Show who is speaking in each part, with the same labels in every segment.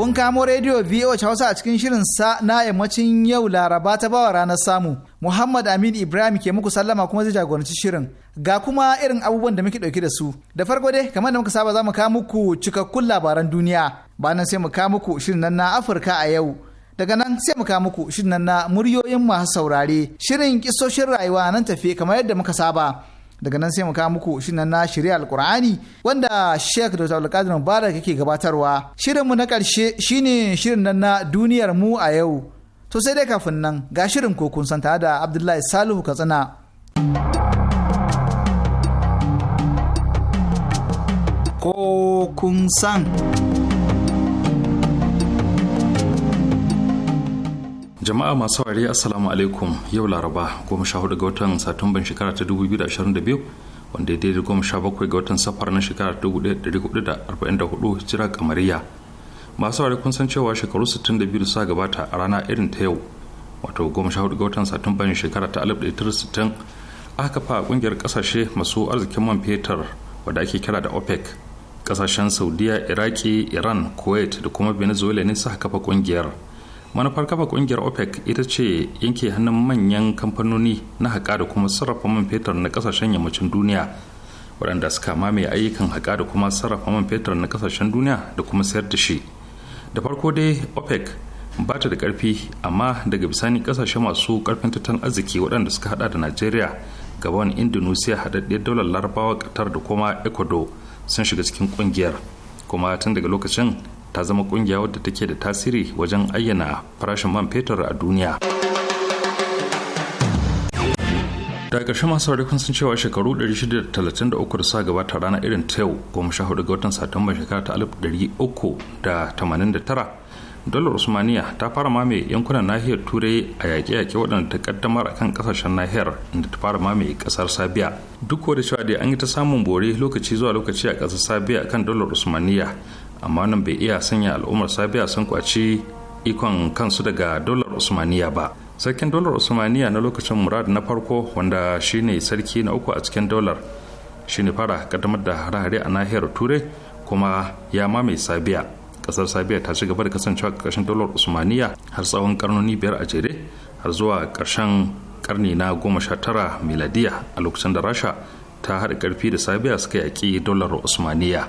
Speaker 1: Kun kamo rediyo VOH Hausa a cikin shirin sa na yammacin yau Laraba ta bawa ranar samu. Muhammad aminu Ibrahim ke muku sallama kuma zai jagoranci shirin. Ga kuma irin abubuwan da muke dauke da su. Da farko dai kamar da muka saba za mu kawo muku cikakkun labaran duniya. ba nan sai mu kawo muku shirin nan na Afirka a yau. Daga nan sai mu kawo muku shirin nan na muryoyin masu saurare. Shirin kisoshin rayuwa nan tafi kamar yadda muka saba. daga nan sai mu kawo muku shirin na shirya alkur'ani wanda sheikh dr abdulkadir mubarak yake gabatarwa shirin mu na karshe shine shirin nan na duniyar mu a yau to sai dai kafin nan ga shirin ko kun san tare da abdullahi salihu katsina ko kun san
Speaker 2: jama'a masu wari assalamu alaikum yau laraba goma sha hudu ga watan satumban shekara ta 2022 wanda ya daidai goma sha bakwai ga watan safar na shekara 1444 jira kamariya masu wari kun san cewa shekaru 62 da suka gabata a rana irin ta yau wato goma sha hudu ga watan satumban shekara ta 1960 aka kafa kungiyar kasashe masu arzikin man fetur wanda ake kira da opec kasashen saudiya iraki iran kuwait da kuma venezuela ne suka kafa kungiyar manufar kafa kungiyar opec ita ce yanke hannun manyan kamfanoni na haƙa da kuma sarrafa man fetur na kasashen yammacin duniya waɗanda suka mamaye ayyukan haƙa da kuma sarrafa man fetur na kasashen duniya da kuma sayar da shi da farko dai opec ba ta da ƙarfi amma daga bisani ƙasashe masu ƙarfin tattalin arziki waɗanda suka haɗa da najeriya gabon indonesia haɗaɗɗiyar daular larabawa qatar da kuma ecuador sun shiga cikin ƙungiyar kuma tun daga lokacin ta zama kungiya wadda take da tasiri wajen ayyana farashin man fetur a duniya daga ƙarshe masu saurari sun cewa shekaru 633 da sa gabata rana irin ta yau goma sha hudu ga watan satumba shekara ta alif da da dari uku tamanin tara dalar usmaniya ta fara mame yankunan nahiyar turai a yaƙe-yaƙe waɗanda ta ƙaddamar a kan ƙasashen nahiyar inda ta fara mame ƙasar sabiya duk da cewa dai an yi ta samun bore lokaci zuwa lokaci a ƙasar sabiya kan dalar usmaniya amma nan bai iya sanya al'ummar sabiya sun kwaci ikon kansu daga dolar usmaniya ba sarkin dolar usmaniya na lokacin murad na farko wanda shine sarki na uku a cikin dolar shine fara kaddamar da hare-hare a nahiyar turai kuma ya mamaye sabiya kasar sabiya ta ci gaba da kasancewa ƙarshen dolar usmaniya har tsawon karnoni biyar a jere har zuwa karshen karni na goma sha tara miladiya a lokacin da rasha ta haɗa karfi da sabiya suka yaƙi dolar usmaniya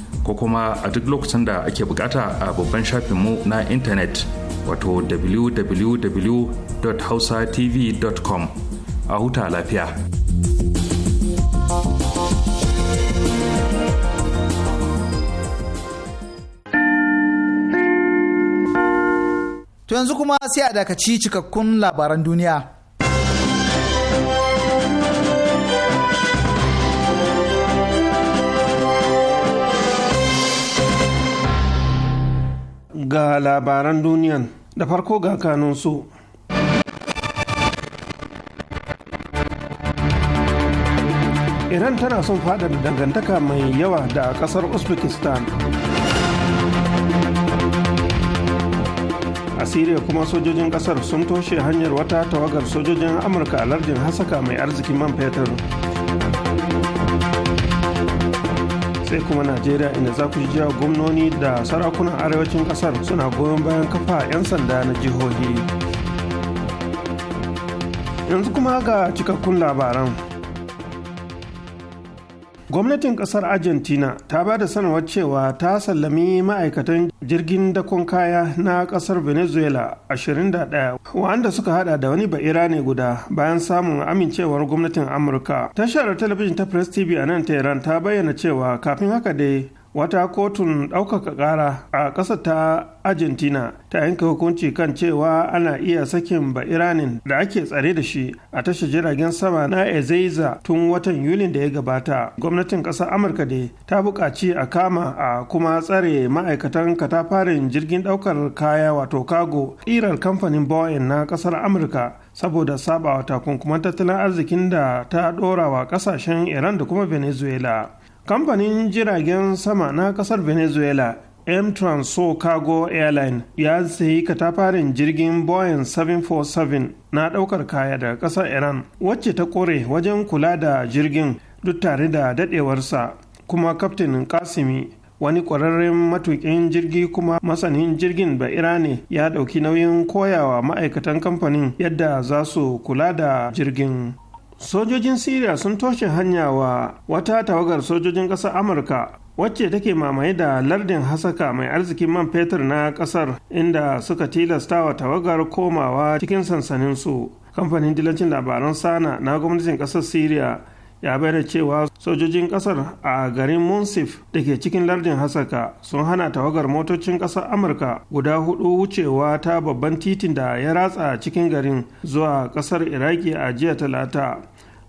Speaker 2: ko kuma a duk lokacin da ake bukata a babban mu na intanet wato www.hausatv.com a huta lafiya.
Speaker 1: To yanzu kuma sai a dakaci cikakkun labaran duniya.
Speaker 3: ga labaran duniyan da farko ga kanunsu. iran tana son fada dangantaka mai yawa da kasar uzbekistan a siriya kuma sojojin kasar sun toshe hanyar wata tawagar sojojin amurka a lardin hasaka mai arzikin man fetur sai kuma najeriya inda za ku ji jiya gwamnoni da sarakunan arewacin kasar suna goyon bayan kafa 'yan sanda na jihohi yanzu kuma ga cikakkun labaran gwamnatin kasar argentina ta ba da sanarwar cewa ta sallami ma'aikatan jirgin dakon kaya na kasar venezuela 21 wanda suka hada da wani ba'ira ne guda bayan samun amincewar gwamnatin amurka tashar talabijin ta press tv a nan tehran ta bayyana cewa kafin haka dai wata kotun ɗaukaka ƙara a ƙasa ta argentina ta yanke hukunci kan cewa ana iya sakin ba iranin da ake tsare da shi a tashar jiragen sama na ezeiza tun watan yulin da ya gabata gwamnatin ƙasar amurka da ta buƙaci a kama a kuma tsare ma'aikatan katafarin jirgin ɗaukar kaya wato kago ƙirar kamfanin boeing na ƙasar amurka saboda sabawa takunkuman tattalin arzikin da ta ɗora wa ƙasashen iran da kuma venezuela kamfanin jiragen sama na kasar venezuela m transo cargo airline ya sayi katafarin jirgin boeing 747 na daukar kaya daga kasar iran wacce ta kore wajen kula da jirgin duk tare da dadewarsa kuma kaftin kasimi wani ƙwararren matuƙin jirgi kuma masanin jirgin ba'ira ne ya ɗauki nauyin koyawa ma'aikatan kamfanin yadda za su kula da jirgin sojojin syria sun toshe hanya wa wata tawagar sojojin ƙasar amurka wacce take mamaye da lardin hasaka mai arzikin man fetur na ƙasar inda suka tilasta wa tawagar komawa cikin sansaninsu kamfanin dilancin labaran sana na gwamnatin ƙasar syria ya bayyana cewa sojojin ƙasar a garin munsif da ke cikin lardin hasaka sun hana tawagar motocin ƙasar amurka guda hudu wucewa ta babban titin da ya ratsa cikin garin zuwa ƙasar iraki a jiya talata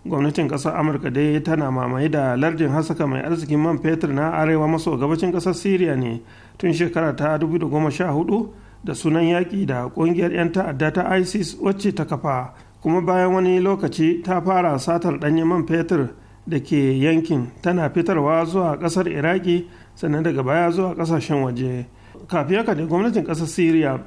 Speaker 3: gwamnatin kasar amurka dai tana mamaye da lardin hasaka mai arzikin man fetur na arewa maso gabacin kasar syria ne tun shekara ta 2014 da sunan yaƙi da ƙungiyar 'yan ta'adda ta isis wacce ta kafa kuma bayan wani lokaci ta fara satar ɗanyen man fetur da ke yankin tana fitarwa zuwa ƙasar iraki sannan daga baya zuwa ƙasashen waje kafin haka da gwamnatin ƙasar syria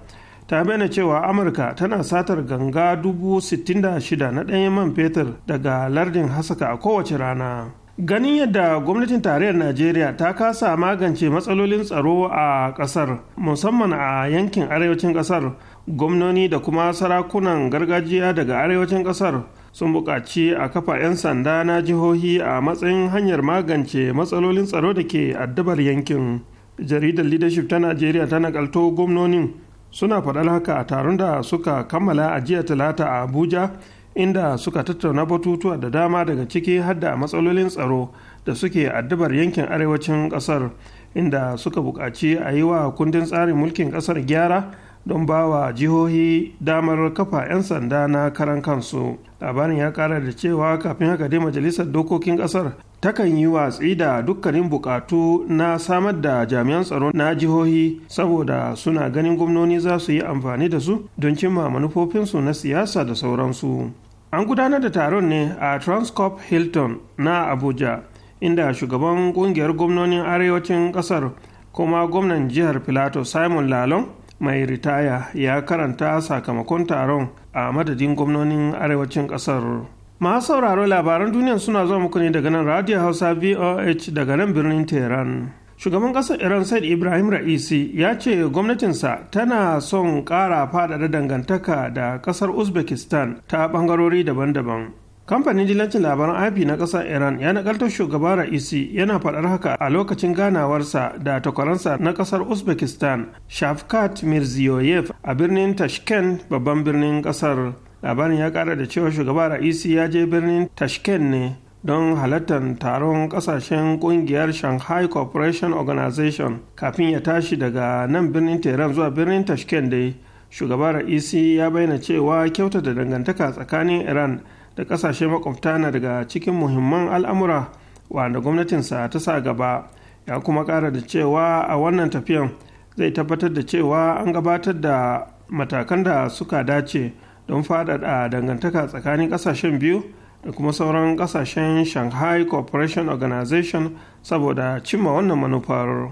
Speaker 3: ta bayyana cewa amurka tana satar ganga dubu shida na ɗanyen man fetur daga lardin hasaka a kowace rana ganin yadda gwamnatin tarayyar najeriya ta kasa magance matsalolin tsaro a ƙasar musamman a yankin arewacin ƙasar gwamnoni da kuma sarakunan gargajiya daga arewacin ƙasar sun buƙaci a kafa 'yan sanda na jihohi a matsayin hanyar magance matsalolin tsaro da ke addabar yankin jaridar leadership ta najeriya ta nakalto gwamnonin suna faɗar haka a taron da suka kammala a jiya talata a abuja inda suka tattauna batutuwa da dama daga ciki har hadda matsalolin tsaro da suke addabar yankin arewacin ƙasar inda suka buƙaci a yi wa kundin tsarin mulkin ƙasar gyara don ba wa jihohi damar kafa 'yan sanda na karan kansu labarin ya ƙara da cewa kafin haka dai majalisar dokokin ƙasar. takan yi watsi da dukkanin bukatu na samar da jami'an tsaro na jihohi saboda suna ganin gwamnoni za su yi amfani da su don cimma manufofinsu na siyasa da sauransu an gudanar da taron ne a transcorp hilton na abuja inda shugaban kungiyar gwamnonin arewacin ƙasar, kuma gwamnan jihar filato simon lalon mai ritaya ya karanta sakamakon taron a madadin gwamnonin arewacin ƙasar. masu sauraro labaran duniya suna zuwa muku ne daga nan radio hausa voh daga nan birnin tehran shugaban ƙasar iran said ibrahim ra'isi ya ce gwamnatinsa tana son ƙara faɗaɗa dangantaka da ƙasar uzbekistan ta ɓangarori daban-daban kamfanin dilancin labaran IP na ƙasar iran ya nakaltar shugaba ra'isi yana faɗar haka a lokacin ganawarsa da takwaransa na ƙasar uzbekistan shafkat mirziyoyev a birnin tashkent babban birnin ƙasar labarin ya kara da cewa shugaba ra'isi ya je birnin tashken ne don halartar taron kasashen kungiyar shanghai cooperation organization kafin ya tashi daga nan birnin tehran zuwa birnin tashken dai shugaba ra'isi ya bayyana cewa kyauta da dangantaka tsakanin iran da kasashe makwabta na daga cikin muhimman al'amura wanda gwamnatinsa ta sa gaba ya kuma kara da cewa a wannan tafiyan zai tabbatar da cewa an gabatar da matakan da suka dace don faɗaɗa dangantaka tsakanin ƙasashen biyu da kuma sauran ƙasashen shanghai cooperation organization saboda cimma wannan manufar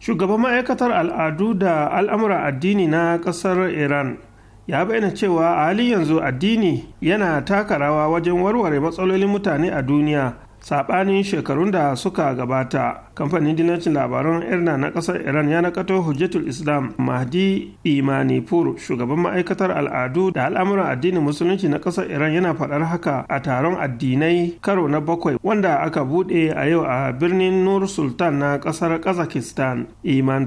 Speaker 3: shugaban ma'aikatar al'adu da al'amura addini na ƙasar iran ya bayyana cewa a halin yanzu addini yana takarawa wajen warware matsalolin mutane a duniya saɓanin shekarun da suka gabata kamfanin dinacin labaran irna na kasar iran ya nakato hujjatul islam mahdi imanipur shugaban ma'aikatar al'adu da al'amuran addinin musulunci na kasar iran yana faɗar haka a taron addinai karo na bakwai wanda aka buɗe a yau a birnin nur sultan na kasar kazakistan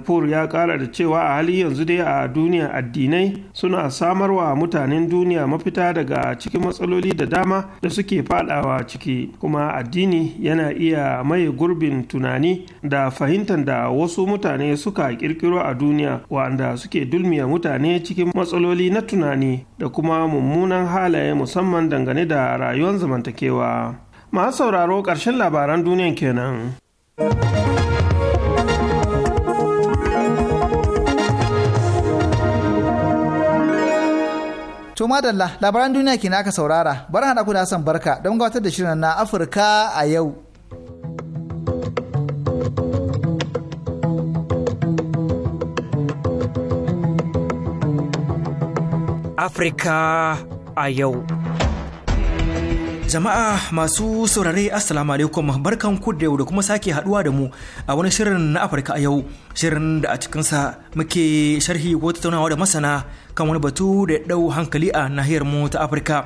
Speaker 3: Pur ya kara da cewa a hali yanzu dai a duniya addinai suna samarwa mutanen duniya mafita daga cikin matsaloli da dama da suke faɗawa ciki kuma addini yana iya maye gurbin tunani da fahimtar da wasu mutane suka kirkiro a duniya wa'anda suke dulmiya mutane cikin matsaloli na tunani da kuma mummunan halaye musamman dangane da rayuwar zamantakewa masu sauraro ƙarshen labaran duniyan kenan.
Speaker 1: To madalla labaran duniya ke ka saurara, bar haɗa ku da Barka don gabatar da shirin na Afirka a yau.
Speaker 4: Afirka a yau. Jama'a masu saurare Assalamu alaikum barkan ku da yau da kuma sake haduwa da mu a wani shirin na Afirka a yau shirin da a cikinsa muke sharhi ko tattaunawa da masana kan wani batu da ya dau hankali a nahiyar mu ta Afirka.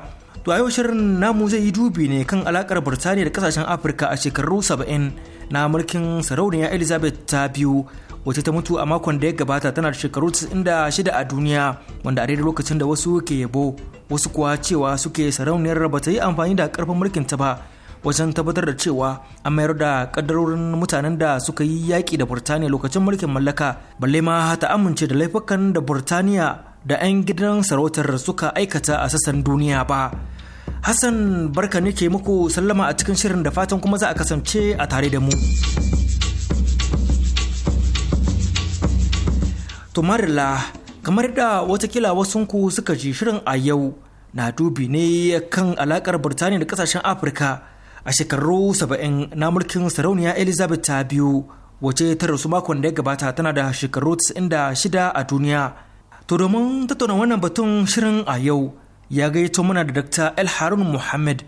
Speaker 4: To a yau shirin namu zai yi dubi ne kan alakar Birtaniya da kasashen Afirka a shekaru saba'in na mulkin sarauniya Elizabeth ta biyu wacce ta mutu a makon da ya gabata tana da shekaru 96 a duniya wanda a daidai lokacin da wasu ke yabo wasu kuwa cewa suke sarauniyar ba ta yi amfani da karfin mulkin ta ba wajen tabbatar da cewa an mayar da kaddarorin mutanen da suka yi yaƙi da burtaniya lokacin mulkin mallaka balle ma ta amince da laifukan da burtaniya da 'yan gidan sarautar suka aikata a sassan duniya ba hassan barka ne ke muku sallama a cikin shirin da fatan kuma za a kasance a tare da mu. Tumarila kamar da watakila wasunku suka ji shirin a yau na dubi ne kan alakar Birtaniya da kasashen Afirka a shekaru saba'in na mulkin sarauniya Elizabeth ta biyu wace ta rasu makon da ya gabata tana da shekaru 96 a duniya. To domin tattauna wannan batun shirin a yau ya gaito mana da Dr. El Harun Muhammad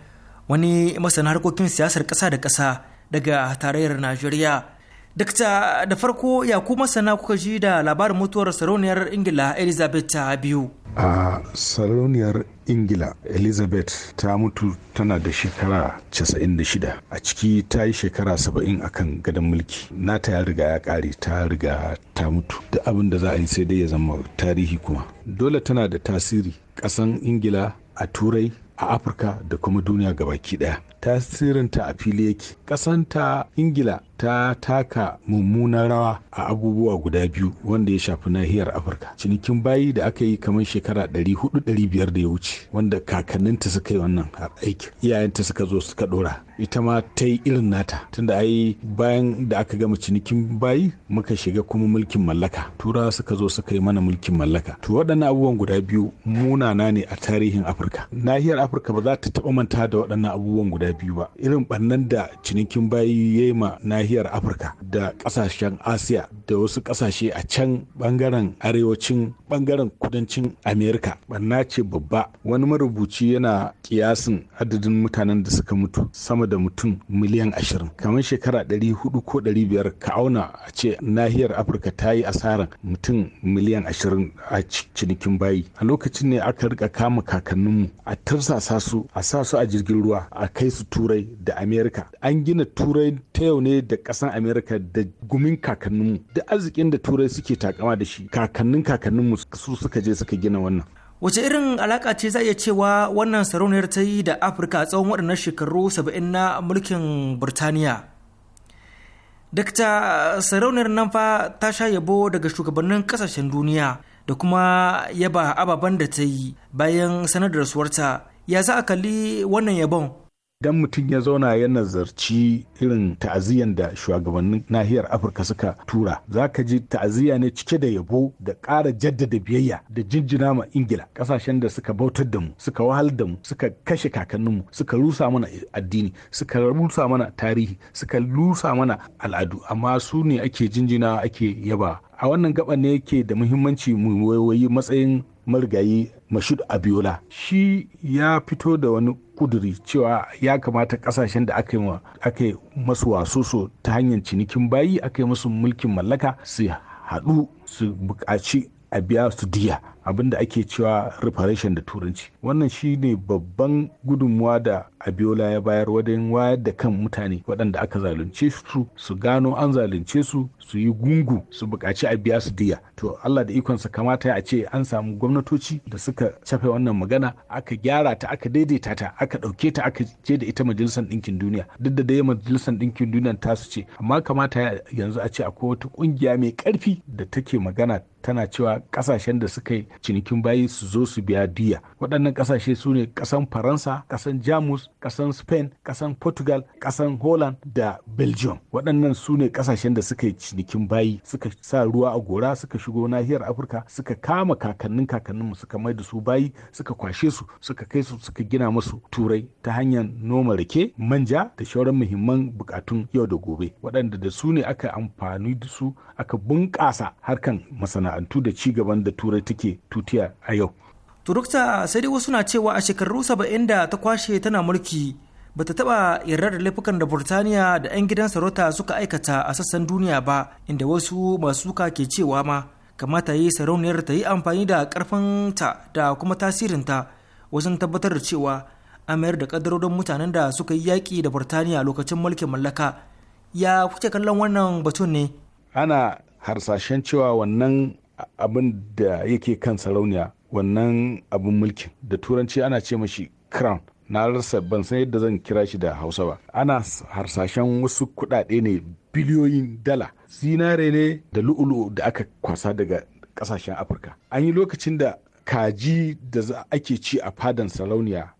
Speaker 4: wani masana harkokin siyasar kasa da kasa daga tarayyar Najeriya. Dakta da farko ya kuma masana kuka ji da labarin mutuwar sarauniyar Ingila Elizabeth ta biyu.
Speaker 5: A sarauniyar ingila elizabeth ta mutu tana da shekara 96 a ciki ta yi shekara 70 a kan gadon mulki nata ya riga ya kare ta riga ta mutu da abin da za a yi sai dai ya zama tarihi kuma dole tana da tasiri ƙasan ingila a turai a afirka da kuma duniya ga baki daya tasirinta a fili yake kasanta ingila ta taka mummunan rawa a abubuwa guda biyu wanda ya shafi nahiyar afirka cinikin bayi da aka yi kamar shekara 400-500 da ya wuce wanda kakanninta suka yi wannan aiki. iyayenta suka zo suka dora ita ma ta yi irin nata tunda ai bayan da aka gama cinikin bayi muka shiga kuma mulkin mallaka tura suka zo suka yi mana mulkin mallaka to waɗannan abubuwan guda biyu munana ne a tarihin afirka nahiyar afirka ba za ta taɓa manta da waɗannan abubuwan guda biyu ba irin ɓannan da cinikin bayi ya yi ma nahiyar afirka da ƙasashen asiya da wasu ƙasashe a can ɓangaren arewacin ɓangaren kudancin amerika ɓanna ce babba wani marubuci yana ƙiyasin adadin mutanen da suka mutu sama da mutum miliyan ashirin kamar shekara ɗari hudu ko ɗari biyar ka auna a ce nahiyar afirka ta yi asarar mutum miliyan ashirin a cinikin bayi a lokacin ne aka rika kama kakanninmu a tarsasa su a sa su a jirgin ruwa a kai su turai da amerika an gina turai ta yau ne da ƙasan amerika da gumin kakanninmu da arzikin da turai suke takama da shi kakannin kakanninmu su suka je suka gina wannan
Speaker 4: wace irin alaka ce za a iya cewa wannan sarauniyar ta yi da afirka a tsawon waɗannan shekaru saba'in na mulkin birtaniya dr sarauniyar nan fa ta sha yabo daga shugabannin ƙasashen duniya da kuma yaba ababen da ta yi bayan sanar da rasuwarta ya za a kalli wannan yabon idan mutum ya zauna ya
Speaker 5: nazarci irin ta'aziyyar da shugabannin nahiyar afirka suka tura za ka ji ta'aziyya ne cike da yabo da ƙara jaddada biyayya da jinjina ma ingila ƙasashen da suka bautar da mu suka wahal da mu suka kashe kakanninmu suka rusa mana addini suka rusa mana tarihi suka rusa mana al'adu amma su ne ake jinjina ake yaba a wannan gaba ne yake da muhimmanci mu wayoyi matsayin marigayi mashud abiola shi ya fito da wani kuduri cewa ya kamata kasashen da aka yi masu wasoso ta hanyar cinikin bayi aka yi masu mulkin mallaka su haɗu su buƙaci a biya su diya abin da ake cewa reparation da turanci wannan shi ne babban gudunmuwa da abiola ya bayar wajen wayar da kan mutane waɗanda aka zalunce su su gano an zalunce su su yi gungu su buƙaci a biya su diya to allah da ikonsa kamata a ce an samu gwamnatoci da suka cafe wannan magana aka gyara ta aka daidaita ta aka ɗauke ta aka je da ita majalisar ɗinkin duniya duk da dai majalisar ɗinkin duniya ta su ce amma kamata yanzu a ce akwai wata ƙungiya mai ƙarfi da take magana tana cewa kasashen da suka yi cinikin bayi su zo su biya diya waɗannan ƙasashe su ne ƙasan faransa ƙasan jamus ƙasan spain ƙasan portugal ƙasan holland da belgium waɗannan su ne ƙasashen da suka yi cinikin bayi suka sa ruwa a gora suka shigo nahiyar afirka suka kama kakannin kakanninmu suka mai da su bayi suka kwashe su suka kai su suka gina musu turai ta hanyar noma rike manja da shauran muhimman bukatun yau da gobe waɗanda da su ne aka amfani da su aka bunƙasa
Speaker 4: harkan masana'antu da ci gaban da turai take tutiya a yau. turukta sai dai wasu na cewa a shekaru saba'in da ta kwashe tana mulki bata taɓa yarda da laifukan da Burtaniya da 'yan gidan sarauta suka aikata a sassan duniya ba inda wasu masu suka ke cewa ma kamata yi sarauniyar ta yi amfani da karfinta da kuma tasirinta wajen tabbatar da cewa a mayar da kadarorin mutanen da suka yi yaƙi da Burtaniya lokacin mulkin mallaka ya kuke kallon wannan batun ne ana
Speaker 5: harsashen cewa wannan abin da yake kan sarauniya wannan abin mulkin da turanci ana ce mashi crown na rasa ban san yadda zan kira shi da hausa ba ana harsashen wasu kudade ne biliyoyin dala zinare ne da lu'ulu da aka kwasa daga kasashen afirka an yi lokacin da kaji da ake ci a fadan sarauniya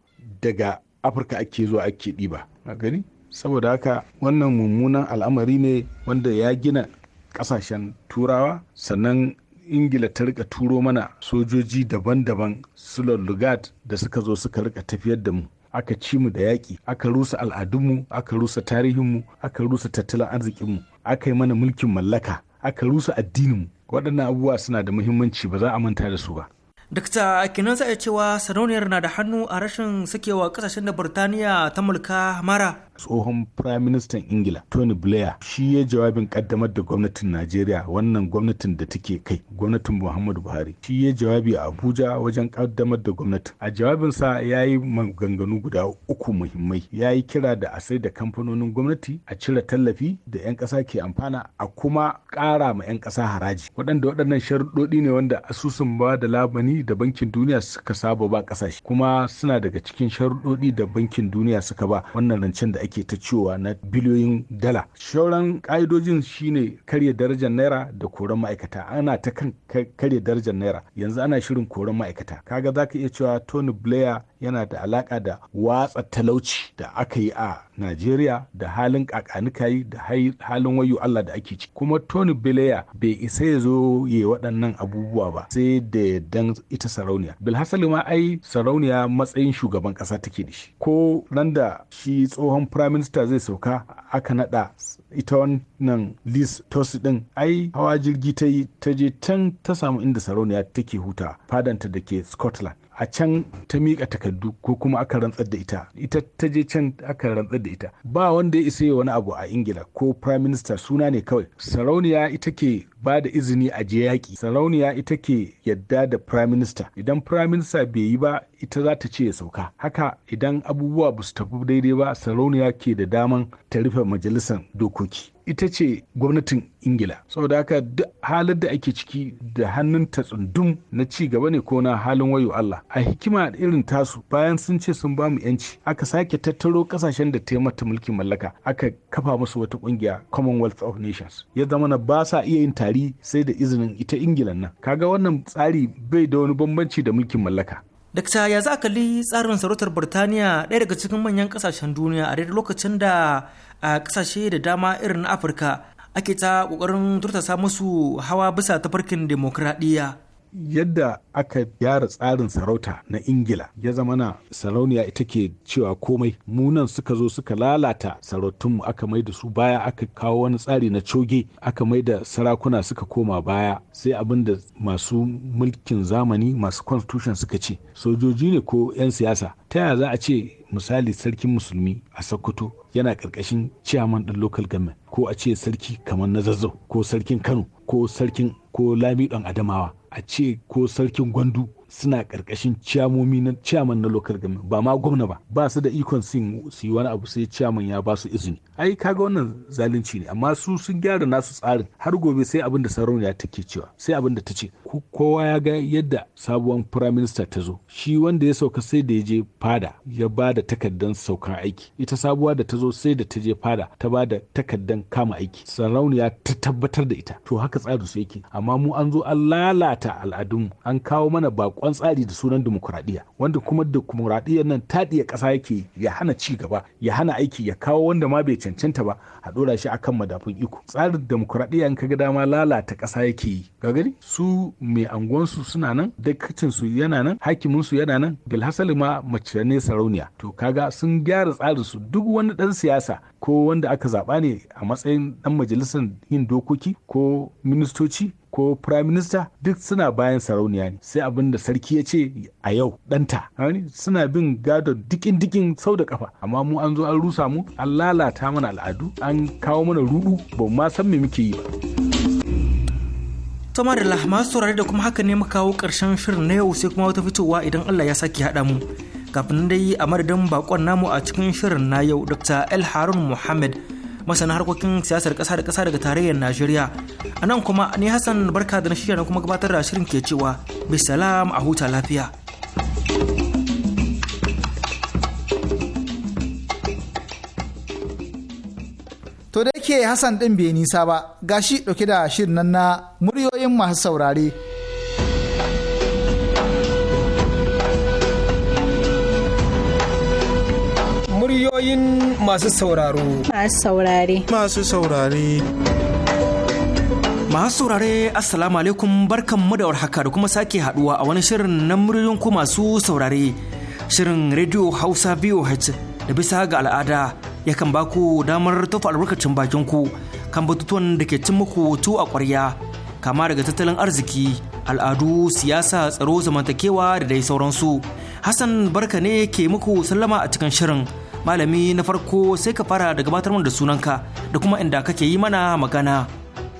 Speaker 5: daga afirka ake zuwa ake ɗiba gani saboda haka wannan mummunan al'amari ne wanda ya gina kasashen turawa sannan ingila ta rika turo mana sojoji daban-daban su lullugat da suka zo suka rika tafiyar da mu aka ci mu da yaƙi aka rusa al'adunmu aka rusa tarihinmu aka rusa tattalin arzikinmu aka yi mana mulkin mallaka aka rusa addininmu waɗannan abubuwa suna da muhimmanci ba za a manta da su ba
Speaker 4: Dakta kinan za cewa sarauniyar na da hannu a rashin sakewa kasashen da burtaniya ta mulka mara tsohon
Speaker 5: firaministan ingila tony blair shi ya jawabin kaddamar da gwamnatin najeriya wannan gwamnatin da take kai gwamnatin muhammadu buhari shi ya jawabi a abuja wajen kaddamar da gwamnati a jawabinsa ya yi maganganu guda uku muhimmai ya yi kira da a sai da kamfanonin gwamnati a cire tallafi da 'yan kasa ke amfana a kuma kara ma 'yan kasa haraji waɗanda waɗannan sharuɗoɗi ne wanda asusun ba da labani da bankin duniya suka saba ba ƙasashe kuma suna daga cikin sharuɗoɗi da bankin duniya suka ba wannan rancen da ake ta cewa na biliyoyin dala shauran ƙa'idojin shine karya darajar naira da koran ma'aikata ana ta kan karya darajar naira yanzu ana shirin koran ma'aikata kaga za ka iya cewa tony blair yana da alaƙa da watsa talauci da aka yi a Najeriya da halin kakanikayi da halin wayo Allah da ake ci kuma Tony Blair bai isa ya zo ya waɗannan abubuwa ba sai da dan ita sarauniya bilhassa ma ai sarauniya matsayin shugaban ƙasa take da shi ko nan da shi tsohon firaminista zai sauka aka naɗa ita wannan Liz Tosi din ai hawa jirgi ta yi ta je can ta samu inda sarauniya take huta fadanta da ke Scotland a can ta miƙa takardu ko kuma aka rantsar da ita ita ta je can aka rantsar da ita ba wanda ya isa wani abu a ingila ko prime minister suna ne kawai sarauniya ita ke ba da izini a je yaƙi sarauniya ita ke yadda da prime minister idan prime minister bai yi ba ita za ta ce ya sauka haka idan abubuwa ba su tafi daidai ba sarauniya ke da daman ta rufe majalisar dokoki ita ce gwamnatin ingila saboda haka duk halar da ake ciki da hannun ta tsundum na ci gaba ne ko na halin wayo Allah a hikima irin tasu bayan sun ce sun bamu yanci aka sake tattaro kasashen da ta mata mulkin mallaka aka kafa musu wata kungiya commonwealth of nations ya zama na ba sa iya yin tari sai da izinin ita ingilan nan kaga wannan tsari bai da wani bambanci da mulkin mallaka
Speaker 4: Dakta ya za a kalli tsarin sarautar Birtaniya ɗaya daga cikin manyan ƙasashen duniya a daidai lokacin da a ƙasashe da dama irin na Afirka ake ta ƙoƙarin turtasa musu hawa bisa tafarkin demokradiyya.
Speaker 5: yadda aka gyara tsarin sarauta na ingila ya zama na sarauniya ita ke cewa komai munan suka zo suka lalata sarautunmu aka mai da su baya aka kawo wani tsari na coge aka mai da sarakuna suka koma baya sai abin da masu mulkin zamani masu constitution suka ce sojoji ne ko 'yan siyasa ta yaya za a ce misali sarkin musulmi a sokoto yana karkashin ciyaman ɗin local government ko a ce sarki kamar na zazzau ko sarkin kano ko sarkin ko lami adamawa a ce ko sarkin gwandu suna karkashin ciyamomi na ciyaman na local government ba ma gwamna ba ba su da ikon sin su yi wani abu sai ciyaman ya ba su izini ai kaga wannan zalunci ne amma su sun gyara nasu tsarin har gobe sai abin da sarauniya take cewa sai abin da ta ce kowa ya ga yadda sabuwan prime minister ta zo shi wanda ya sauka sai da ya je fada ya ba da takardan saukan aiki ita sabuwa da ta zo sai da ta je fada ta ba da takardan kama aiki sarauniya ta tabbatar da ita to haka tsarin su yake amma mu an zo an lalata al'adunmu an kawo mana bakon zaben tsari da sunan demokuraɗiyya wanda kuma demokuraɗiyyar nan taɗiya ƙasa yake ya hana ci gaba ya hana aiki ya kawo wanda ma bai cancanta ba a dora shi kan madafun iko tsarin demokuraɗiyya in ka ga dama lalata ƙasa yake yi ga gani su mai anguwansu suna nan dakacin su yana nan hakimin su yana nan bilhassali ma mace ne sarauniya to kaga sun gyara tsarin su duk wani ɗan siyasa ko wanda aka zaɓa ne a matsayin ɗan majalisar yin dokoki ko ministoci ko prime minister duk suna bayan sarauniya ne sai abin da sarki ya ce a yau ɗanta suna bin gadon dikin dikin sau da kafa amma mu an zo an rusa mu an lalata
Speaker 4: mana al'adu an an kawo mana rudu ba ma san me muke yi ba to madalla masu saurare da kuma haka ne mu kawo karshen shirin na yau sai kuma wata fitowa idan Allah ya saki haɗa mu kafin dai a madadin bakon namu a cikin shirin na yau dr el harun muhammad masana harkokin siyasar kasa da kasa daga tarayyar najeriya a nan kuma ni hassan barka da na shirya na kuma gabatar da shirin ke cewa bisalam a huta lafiya
Speaker 1: ke Hassan ɗin bai nisa ba, gashi ɗauke da shirin nan na muryoyin masu saurare.
Speaker 6: Muryoyin
Speaker 4: masu sauraro.
Speaker 7: Masu saurare. Masu
Speaker 4: saurare. Masu saurare Assalamu alaikum barkanmu da warhaka da kuma sake haduwa a wani shirin na muryoyin ku masu saurare. Shirin Radio Hausa VOH da bisa ga al'ada yakan ba ku damar tofa albarkacin bakin ku kan batutuwan da ke cin muku tu a ƙwarya kama daga tattalin arziki al'adu siyasa tsaro zamantakewa da dai sauransu hassan barka ne ke muku sallama a cikin shirin malami na farko sai ka fara da gabatar da sunanka da kuma inda kake yi mana magana.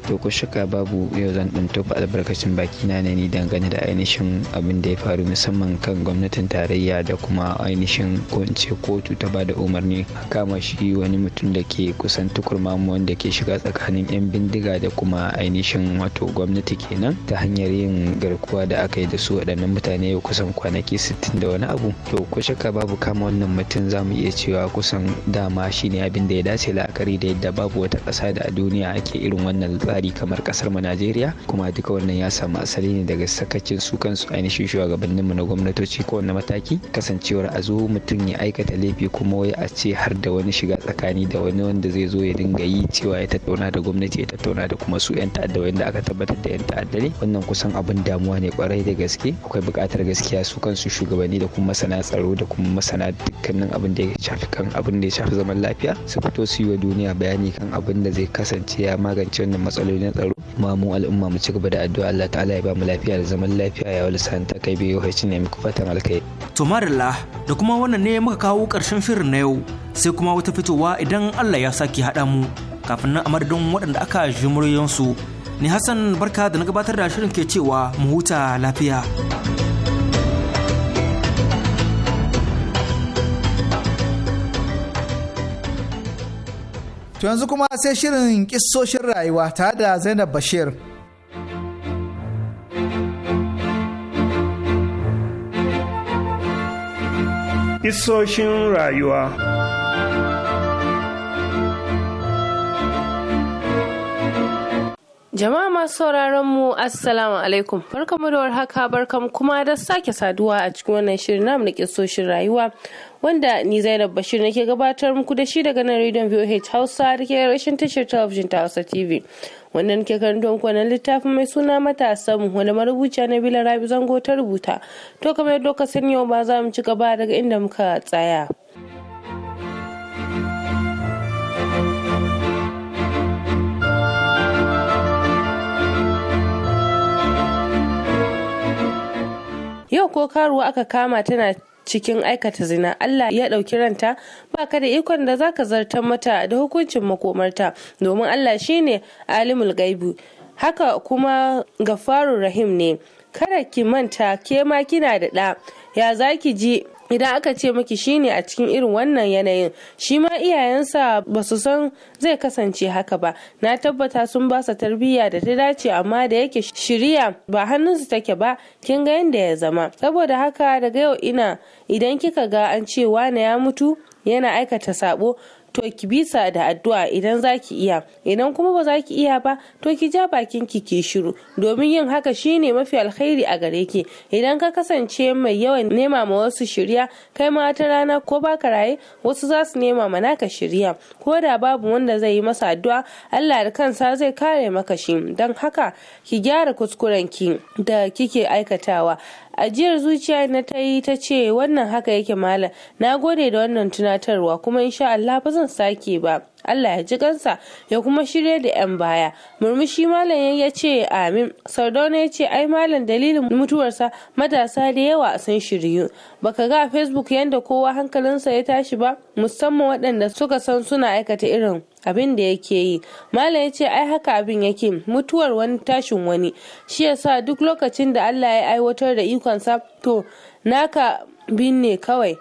Speaker 6: to ku shaka babu yau zan dan tofa albarkacin baki na ne dangane da ainihin abin da ya faru musamman kan gwamnatin tarayya da kuma ainihin ko kotu ta bada umarni kama shi wani mutum da ke kusan tukurmamu wanda ke shiga tsakanin 'yan bindiga da kuma ainihin wato gwamnati kenan ta hanyar yin garkuwa da aka yi da su waɗannan mutane kusan kwanaki 60 da wani abu to ko shaka babu kama wannan mutum za mu iya cewa kusan dama shine abin da ya dace la'akari da yadda babu wata ƙasa da a duniya ake irin wannan tsari kamar kasar mu Najeriya kuma duka wannan ya samu asali ne daga sakacin su kansu ainihin shugabanninmu na gwamnatoci ko mataki kasancewar a zo mutum ya aikata laifi kuma wai a ce har da wani shiga tsakani da wani wanda zai zo ya dinga yi cewa ya tattauna da gwamnati ya tattauna da kuma su 'yan ta'adda wanda aka tabbatar da 'yan ta'adda ne wannan kusan abin damuwa ne kwarai da gaske akwai buƙatar gaskiya su kansu shugabanni da kuma masana tsaro da kuma masana dukkanin abin da ya shafi kan abin da ya shafi zaman lafiya su fito su yi wa duniya bayani kan abin da zai kasance ya magance wannan matsalolin matsaloli na tsaro ma mu al'umma mu ci gaba da addu'a Allah ta'ala ya ba mu lafiya da zaman lafiya ya wala san ta kai biyu hacin ne muku fatan alkai to
Speaker 4: marilla da kuma wannan ne muka kawo karshen shirin na yau sai kuma wata fitowa idan Allah ya saki haɗa mu kafin nan a madadin waɗanda aka ji muryoyinsu ni Hassan barka da na gabatar da shirin ke cewa mu huta lafiya.
Speaker 1: To yanzu kuma sai shirin kisoshin rayuwa ta da Zainab Bashir.
Speaker 3: Kisoshin rayuwa.
Speaker 7: Jama'a masu sauraron mu Assalamu alaikum barkamu da warhaka barkamu kuma da sake saduwa a cikin wannan shirin namu na kisoshin rayuwa wanda ni Zainab Bashir nake gabatar muku da shi daga nan Radio VOH Hausa da ke rashin tashar talabijin ta Hausa TV. Wannan ke karanto muku littafin mai suna matasan wanda marubuciya na Bila Rabi Zango ta rubuta. To kamar yadda ka sani yau ba za mu ci gaba daga inda muka tsaya. yau ko karuwa aka kama tana cikin aikata zina Allah ya ɗauki ranta ba ka da ikon da zaka zartar mata da hukuncin makomarta domin Allah shine alimul gaibu haka kuma gafarun rahim ne kada ki manta ke ma kina da ɗa ya zaki ji idan aka ce miki shine a cikin irin wannan yanayin shi ma iyayensa ba su san zai kasance haka ba na tabbata sun ba sa tarbiyya da ta dace amma da yake shirya ba hannunsu take ba kin ga yadda ya zama saboda haka daga yau ina idan kika ga an ce wane ya mutu yana aikata sabo to ki bisa da addu'a idan za ki iya idan kuma ba za ki iya ba to ki ja bakin ki ki shiru domin yin haka shine mafi alkhairi a gare ki idan ka kasance mai yawan nema ma wasu shirya kai ma ta rana ko ba ka raye wasu za su nema ma naka shirya ko da babu wanda zai yi masa addu'a Allah da kansa zai kare maka shi don haka ki gyara kuskuren ki da kike aikatawa ajiyar zuciya na ta yi ta ce wannan haka yake malam na gode da wannan tunatarwa kuma insha Allah ba zan zan sake ba Allah ya ji kansa ya kuma shirya da 'yan baya murmushi malam ya ce amin sardauna ya ce ai malam dalilin mutuwarsa matasa da yawa sun shiryu baka ga facebook yadda kowa hankalinsa ya tashi ba musamman waɗanda suka san suna aikata irin abin da yake yi malam ya ce ai haka abin yake mutuwar wani tashin wani shi yasa duk lokacin da Allah ya aiwatar da ikonsa to naka binne kawai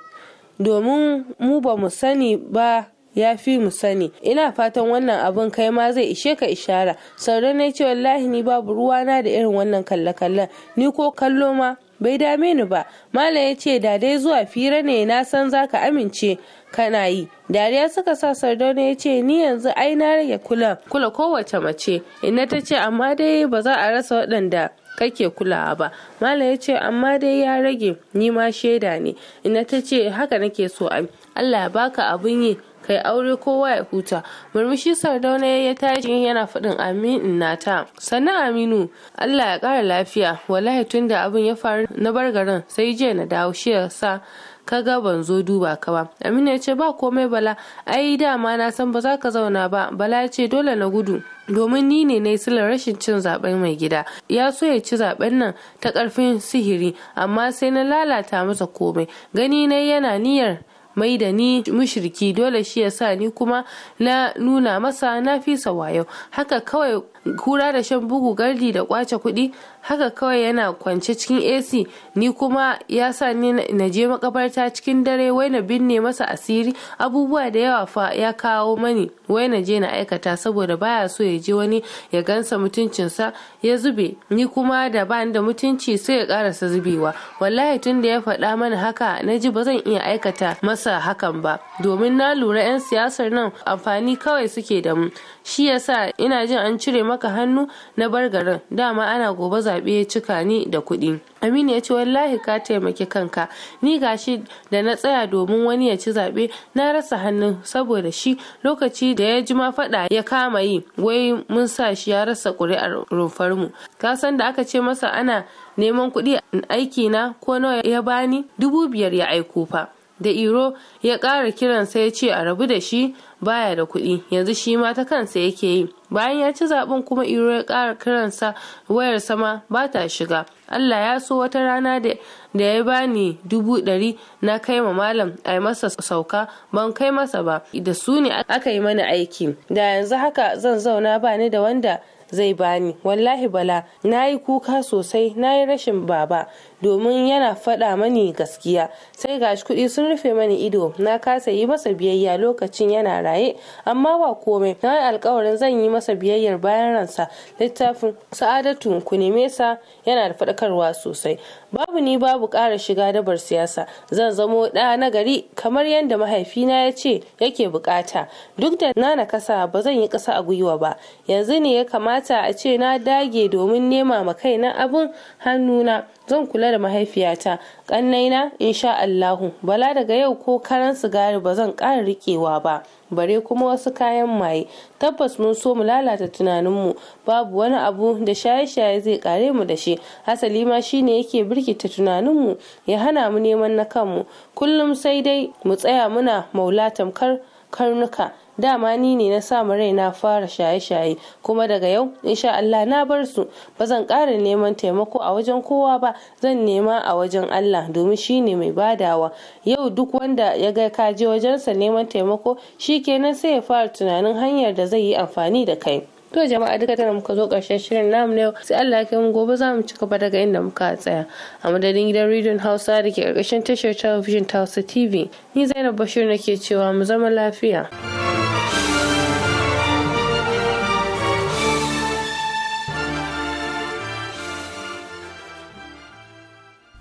Speaker 7: domin mu ba mu sani ba ya fi mu sani ina fatan wannan abin kai ma zai ishe ka ishara sauran ne ce wallahi ni babu ruwa na da irin wannan kalle ni ko kallo ma bai dame ni ba malam ya ce da dai zuwa fira ne na san zaka amince kana yi dariya suka sa sardauna ya ce ni yanzu ai na rage kula kula kowace mace inna ta ce amma dai ba za a rasa waɗanda kake kulawa ba malam ya ce amma dai ya rage ni ma shaida ne inna ta ce haka nake so ai allah ya baka abun yi kai aure kowa ya huta murmushi sardauna ya tashi yana faɗin amin nata sannan aminu allah ya ƙara lafiya wallahi tunda abin ya faru na bar garin sai jiya na dawo shi ya sa ka ga ban zo duba ka ba aminu ya ce ba komai bala ai dama na san ba za ka zauna ba bala ya ce dole na gudu domin ni ne na yi rashin cin zaben mai gida ya so ya ci zaben nan ta karfin sihiri amma sai na lalata masa komai gani na yana niyyar mai da ni mushriki dole shi ya sa ni kuma na nuna masa na fisa wayo haka kawai kura da shan bugu gardi da kwace kuɗi haka kawai yana kwance cikin ac ni kuma ya sa ni na je makabarta cikin dare wai na binne masa asiri abubuwa da yawa fa ya kawo mani wai na je na aikata saboda baya so ya je wani ya gansa mutuncinsa ya zube ni kuma da ba da mutunci sai ya karasa zubewa wallahi tun da ya faɗa mana haka na ji ba zan iya aikata masa hakan ba domin na lura 'yan siyasar nan amfani kawai suke da mu shi ya sa ina jin an cire maka hannu na bar garin dama ana gobe zaɓe ya cika ni da kuɗi aminu ya ce wallahi ka taimaki kanka ni gashi da na tsaya domin wani ya ci zaɓe na rasa hannun saboda shi lokaci da ya ji ma faɗa ya kama yi wai mun sa shi ya rasa ƙuri'ar rumfarmu ka san da aka ce masa ana neman kuɗi aiki na ko nawa ya bani dubu biyar ya aiko fa da iro ya ƙara kiransa ya ce a rabu da shi baya da kuɗi yanzu shi ma ta kansa yake yi bayan ya ci zaɓen kuma iro ya ƙara kiransa wayar sama ba ta shiga allah ya so wata rana da ya bani dubu ɗari na kai ma malam a yi masa sauka ban kai masa ba da su ne aka yi mana aiki da yanzu haka zan zauna ba ni da wanda zai bani wallahi bala na yi kuka sosai na yi rashin baba domin yana faɗa mani gaskiya sai gashi kuɗi sun rufe mani ido na kasa yi masa biyayya lokacin yana raye amma ba komai na yi alkawarin zan yi masa biyayyar bayan ransa littafin sa'adatu ku neme sa yana da faɗakarwa sosai babu ni babu ƙara shiga dabar siyasa zan zamo ɗa na gari kamar yadda mahaifina ya ce yake bukata duk da na nakasa ba zan yi ƙasa a gwiwa ba yanzu ne ya kamata a ce na dage domin nema ma kaina abun hannuna zan kula da mahaifiyata ƙannaina insha Allahu bala daga yau ko karan sigari ba zan ƙara riƙewa ba bare kuma wasu kayan maye tabbas mun so mu lalata tunaninmu babu wani abu da shaye-shaye zai ƙare mu da shi asali ma shine yake birkita tunaninmu ya hana mu neman na kanmu kullum sai dai mu tsaya muna maula tamkar karnuka dama ni ne na samu rai na fara shaye-shaye kuma daga yau insha Allah na bar su ba zan ƙara neman taimako a wajen kowa ba zan nema a wajen Allah domin shi ne mai badawa yau duk wanda ya ga kaje je wajensa neman taimako shi kenan sai ya fara tunanin hanyar da zai yi amfani da kai to jama'a duka tana muka zo ƙarshen shirin namu na yau sai Allah ya mu gobe za mu ci gaba daga inda muka tsaya a madadin gidan rediyon Hausa da ke ƙarƙashin tashar talabijin ta Hausa TV ni Zainab Bashir nake cewa mu zama lafiya.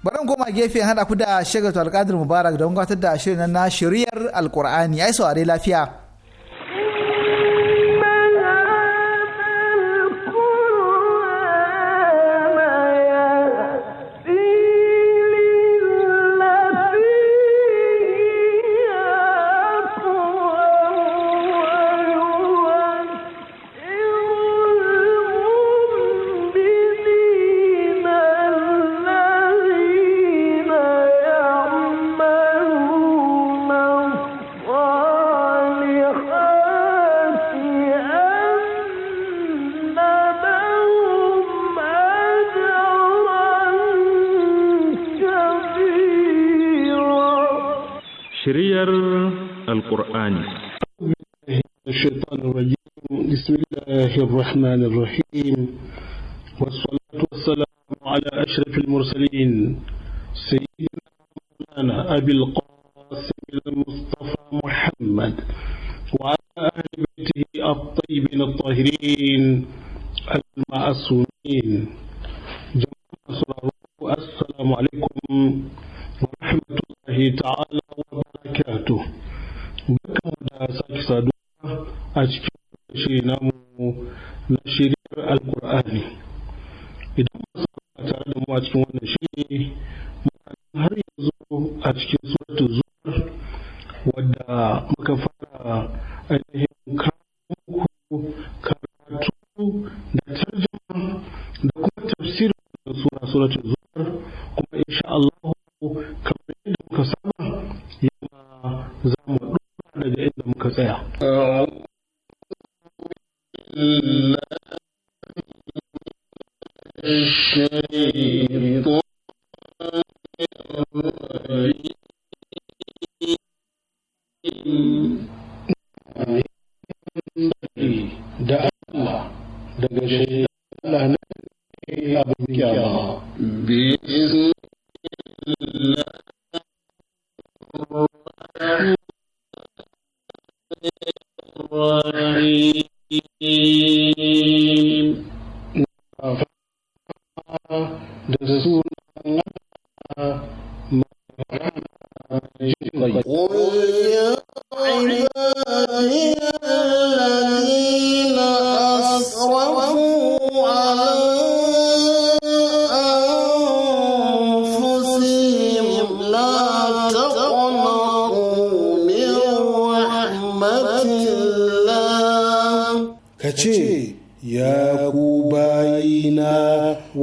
Speaker 1: bari mu koma gefe hada ku da shagatu alkadir mubarak don gabatar da shirin na shiriyar ya yi saurari lafiya
Speaker 2: شرير
Speaker 3: القرآن
Speaker 2: الشيطان
Speaker 8: الرجيم بسم الله الرحمن الرحيم والصلاة والسلام على أشرف المرسلين سيدنا مولانا أبي القاسم المصطفى محمد وعلى أهل بيته الطيبين الطاهرين المعصومين
Speaker 9: cikin shi namu na shiryar alkur'ani idan masu kuma tare da mu a cikin wannan shiri har yanzu a cikin suratul zuwar wadda muka fara ainihin الشيطان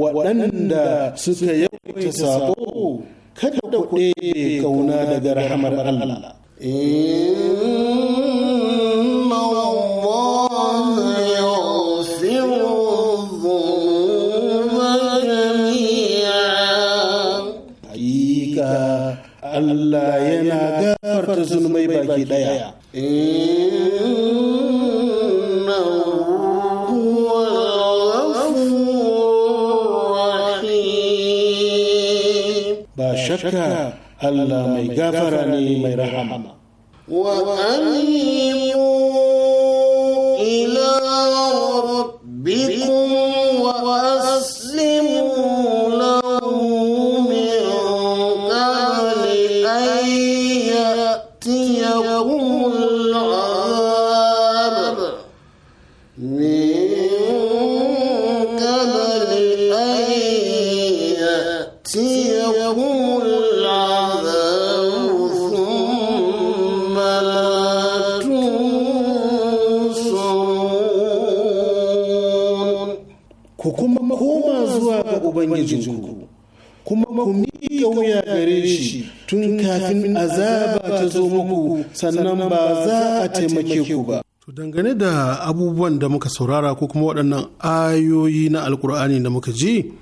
Speaker 8: Waɗanda suka yawaita sabo kada ku ɗaya ƙauna daga rahamar Allah. غفر لي من رحمه
Speaker 9: وأني
Speaker 8: abubuwan da muka saurara ko kuma waɗannan ayoyi na alkur'ani da muka ji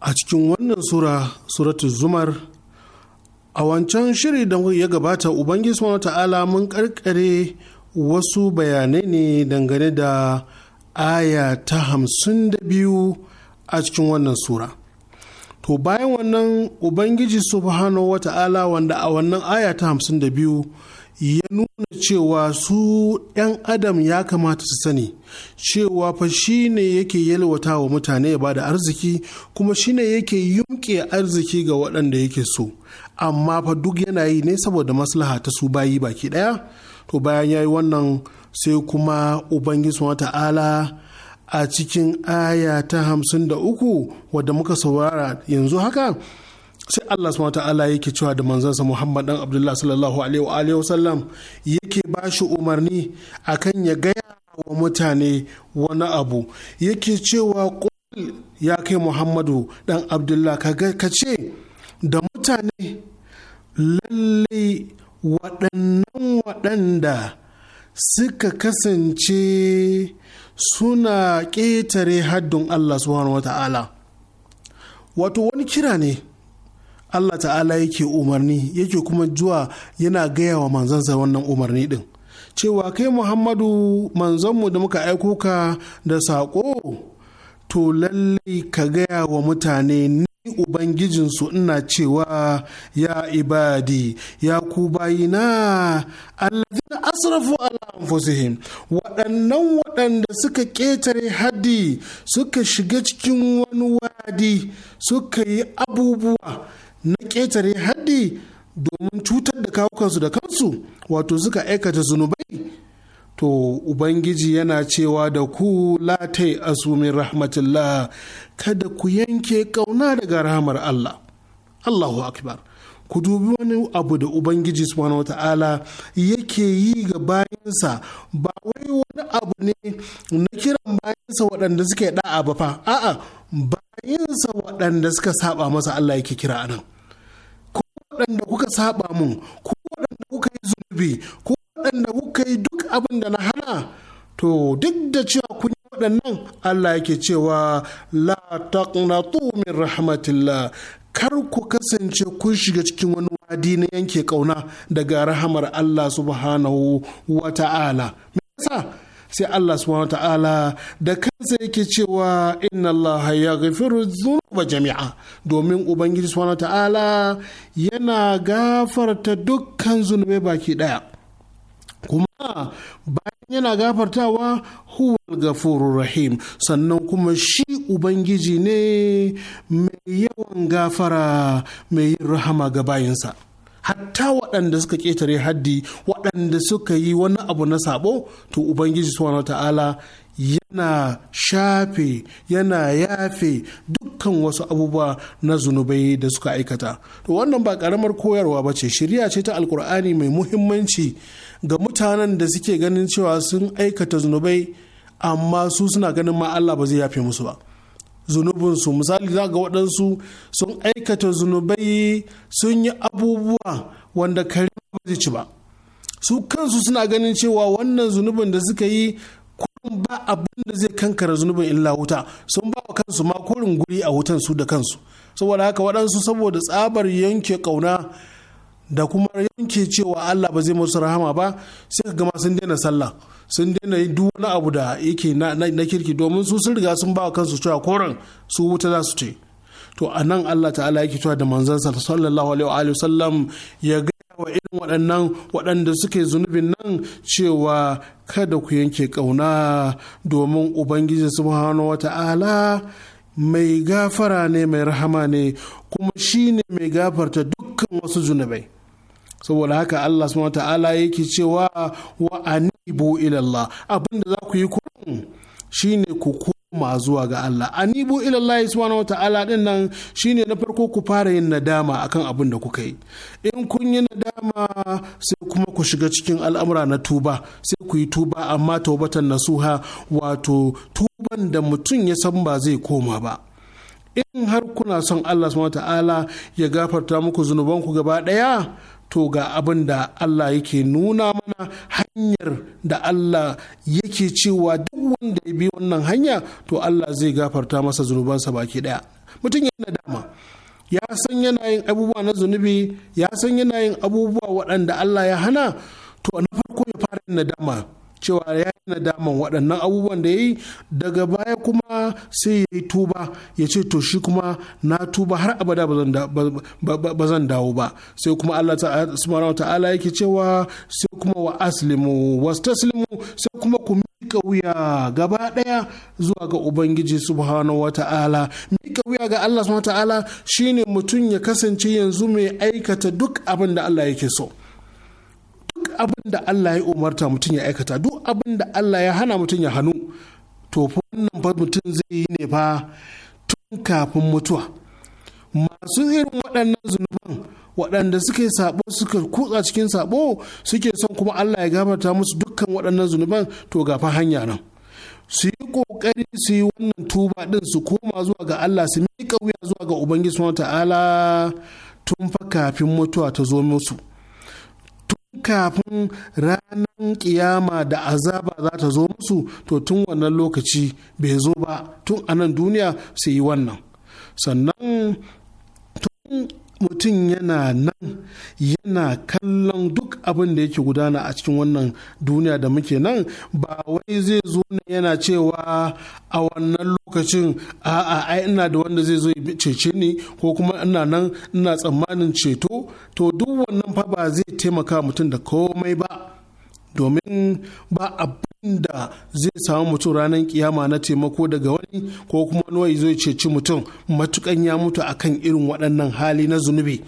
Speaker 8: a cikin wannan sura suratu zumar a wancan shiri da ya gabata ubangiji subhanahu ta'ala mun karkare wasu bayanai ne dangane da aya ta hamsin da biyu a cikin wannan sura to bayan wannan ubangiji subhanahu ala wanda a wannan aya ta hamsin da biyu ya nuna cewa su 'yan adam ya kamata su sani cewa fa shi ne yake yalwata wa mutane ya bada arziki kuma shi ne yake yumke arziki ga waɗanda yake so amma fa duk yana yi ne saboda maslaha ta su bayi baki ɗaya to bayan ya yi wannan sai kuma ubangiji ta'ala a cikin aya ta hamsin da uku wadda muka saurara yanzu haka sai Allah subhanahu ta'ala yake cewa da manzansa Muhammad dan Abdullah sallallahu alaihi wa alihi wasallam yake bashi umarni akan ya gaya wa mutane wani abu yake cewa qul ya kai Muhammadu ɗan Abdullah ka ce da mutane lalle waɗannan waɗanda suka kasance suna ƙetare haddun Allah subhanahu wa ta'ala wato wani kira ne Allah ta'ala yake umarni yake kuma zuwa yana gaya wa manzansa wannan umarni din cewa kai muhammadu manzanmu da muka aiko ka da saƙo to lallai ka gaya wa mutane ni ubangijinsu ina cewa ya ibadi ya ku bayina allazina asrafu ala anfusihim waɗannan waɗanda suka ƙetare haddi suka shiga cikin wani wadi suka yi abubuwa na ƙetare haddi domin cutar da kawukansu da kansu wato suka aikata zunubai to ubangiji yana cewa da ku latai asumin Rahmatullah, kada ku yanke kauna daga rahamar Allah Allahu akbar ku dubi wani abu da ubangiji subhanahu wata'ala yake yi ga bayansa ba wai wani abu ne na kiran bayansa waɗanda suke da'a ba fa a'a bayansa waɗanda suka saba masa Allah yake kira anan. waɗanda kuka saba mun ku waɗanda kuka yi zunubi ku waɗanda kuka yi duk abin da na hana to duk da cewa kun yi waɗannan Allah yake cewa la taqnatu min rahmatillah kar ku kasance kun shiga cikin wani wadi na yanke kauna daga rahamar Allah subhanahu wa ta'ala me yasa sai Allah subhanahu ta'ala da kansa yake cewa inna Allah ya gafiru zunuba jami'a domin Ubangiji subhanahu ta'ala yana gafarta dukkan zunubai baki daya kuma bayan yana gafartawa huwal gafurur rahim sannan kuma shi Ubangiji ne mai yawan gafara mai rahama ga bayinsa. hatta waɗanda suka ƙetare haddi waɗanda suka yi wani abu na sabo to ubangiji subhanahu ta'ala yana shafe yana yafe dukkan wasu abubuwa na zunubai da suka aikata to wannan ba karamar koyarwa ba ce shirya ce ta alkur'ani mai muhimmanci ga mutanen da suke ganin cewa sun aikata zunubai amma su suna ganin ma Allah ba zai yafe musu ba zunubinsu misali za ga waɗansu sun aikata zunubai sun yi abubuwa wanda kare ba ci ba su kansu suna ganin cewa wannan zunubin da suka yi kurin ba abin da zai kankara zunubin illa wuta sun ba wa kansu ma kurin guri a wutan su da kansu saboda haka waɗansu saboda tsabar yanke ƙauna da kuma yanke cewa Allah ba zai masu rahama ba sai ka gama sun daina sallah sun daina yin duk wani abu da yake na kirki domin su sun riga sun ba wa kansu cewa koren su wuta za su ce to a nan Allah ta'ala yake cewa da manzon sallallahu alaihi wa sallam ya gaya wa irin waɗannan waɗanda suke zunubin nan cewa kada ku yanke ƙauna domin ubangiji subhanahu wa ta'ala mai gafara ne mai rahama ne kuma shine mai gafarta dukkan wasu zunubai saboda haka Allah subhanahu ta'ala yake cewa wa anibu ilallah abinda za ku yi shi shine ku koma zuwa ga Allah anibu ilallah subhanahu ta'ala din nan shine na farko ku fara yin nadama akan abin da kuka yi in kun yi nadama sai kuma ku shiga cikin al'amura na tuba sai ku yi tuba amma taubatan nasuha wato tuban da mutum ya san ba zai koma ba in har kuna son Allah subhanahu ta'ala ya gafarta muku zunubanku gaba ɗaya? to ga abin da Allah yake nuna mana hanyar da Allah yake cewa duk wanda ya bi wannan hanya to Allah zai gafarta masa zunubansa baki daya mutum yana dama ya san yana yin abubuwa na zunubi ya san yana yin abubuwa waɗanda Allah ya hana to na farko ya fara yin nadama cewa ya yi nadaman waɗannan abubuwan da ya yi daga baya kuma sai ya yi tuba ya ce to shi kuma na tuba har abada ba zan dawo ba sai kuma Allah subhanahu ta'ala yake cewa sai kuma wa aslimu wastaslimu sai kuma ku mika wuya gaba ɗaya zuwa ga ubangiji subhanahu ta'ala mika wuya ga Allah subhanahu ta'ala shine mutum ya kasance yanzu mai aikata duk abin da Allah yake so abin da Allah ya umarta mutum ya aikata duk abin da Allah ya hana mutum ya hannu to wannan fa mutum zai yi ne fa tun kafin mutuwa masu irin waɗannan zunuban waɗanda suke sabo suka kutsa cikin sabo suke son kuma Allah ya gafarta musu dukkan waɗannan zunuban to gafa hanya nan su yi kokari su yi wannan tuba din su koma zuwa ga Allah su miƙa wuya zuwa ga Ubangiji Subhanahu ta'ala tun fa kafin mutuwa ta zo musu kafin ranar kiyama da azaba za ta zo musu to tun wannan lokaci bai zo ba tun anan duniya su yi wannan sannan mutum yana nan yana kallon duk abin da yake gudana a cikin wannan duniya da muke nan ba wai zai zo ne yana cewa a wannan lokacin a'a ai ina da wanda zai zo cece ni ko kuma ina nan ina tsammanin ceto to duk wannan fa ba zai taimaka mutum da komai ba domin ba abu. da zai samu mutum ranar kiyama na taimako daga wani ko kuma wani zai ceci mutum matukan ya mutu akan irin waɗannan hali na zunubi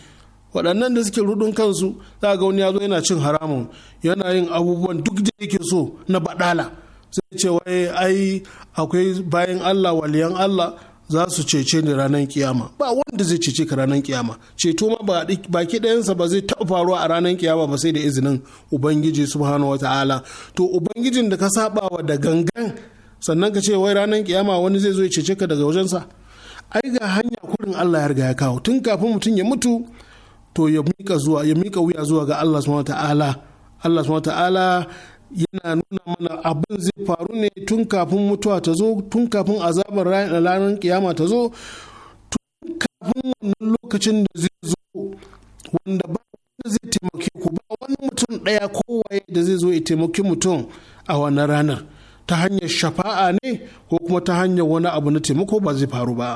Speaker 8: waɗannan da suke rudun kansu za ga wani ya zo yana cin haramun yana yin abubuwan duk da yake so na badala sai ce wai ai akwai bayan Allah waliyan Allah za su cece ni ranar kiyama ba wanda zai cece ka ranar kiyama ceto ma baki ɗayansa ba zai taɓa faruwa a ranar kiyama ba sai da izinin ubangiji subhanahu ta'ala to ubangijin da ka saba wa da gangan sannan ka ce wai ranar kiyama wani zai zo ya cece ka daga wajensa ai ga hanya kurin Allah ya riga ya kawo tun kafin mutum ya mutu to ya mika zuwa ya mika wuya zuwa ga Allah subhanahu wataala Allah subhanahu ta'ala yana nuna mana abin zai faru ne tun kafin mutuwa ta zo tun kafin azabar ranar kiyama ta zo tun kafin wannan lokacin da zai zo wanda ba wanda zai taimake ku ba wani mutum ɗaya kowaye da zai zo ya taimaki mutum a wannan ranar ta hanyar shafa'a ne ko kuma ta hanyar wani abu na taimako ba zai faru ba.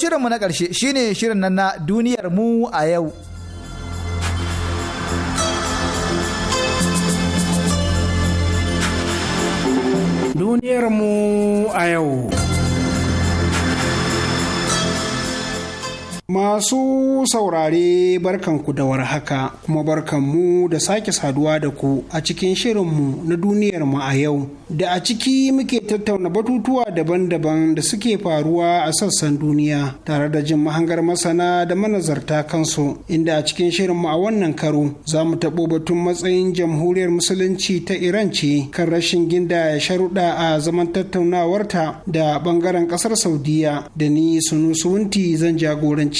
Speaker 1: shirinmu na ƙarshe shine shirin nan na duniyar mu a yau. Duniyar mu
Speaker 10: a yau. Masu saurare barkanku da warhaka kuma barkanmu da sake saduwa da ku a cikin shirinmu na duniyar mu a yau da a ciki muke tattauna batutuwa daban-daban da suke faruwa a sassan duniya tare da jin mahangar masana da manazarta kansu inda a cikin shirinmu a wannan karo za mu taɓo batun matsayin jamhuriyar musulunci ta Iran ce kan rashin ginda ya sharuɗa a zaman tattaunawarta da ɓangaren ƙasar Saudiya da ni Sunusunti zan jagoranci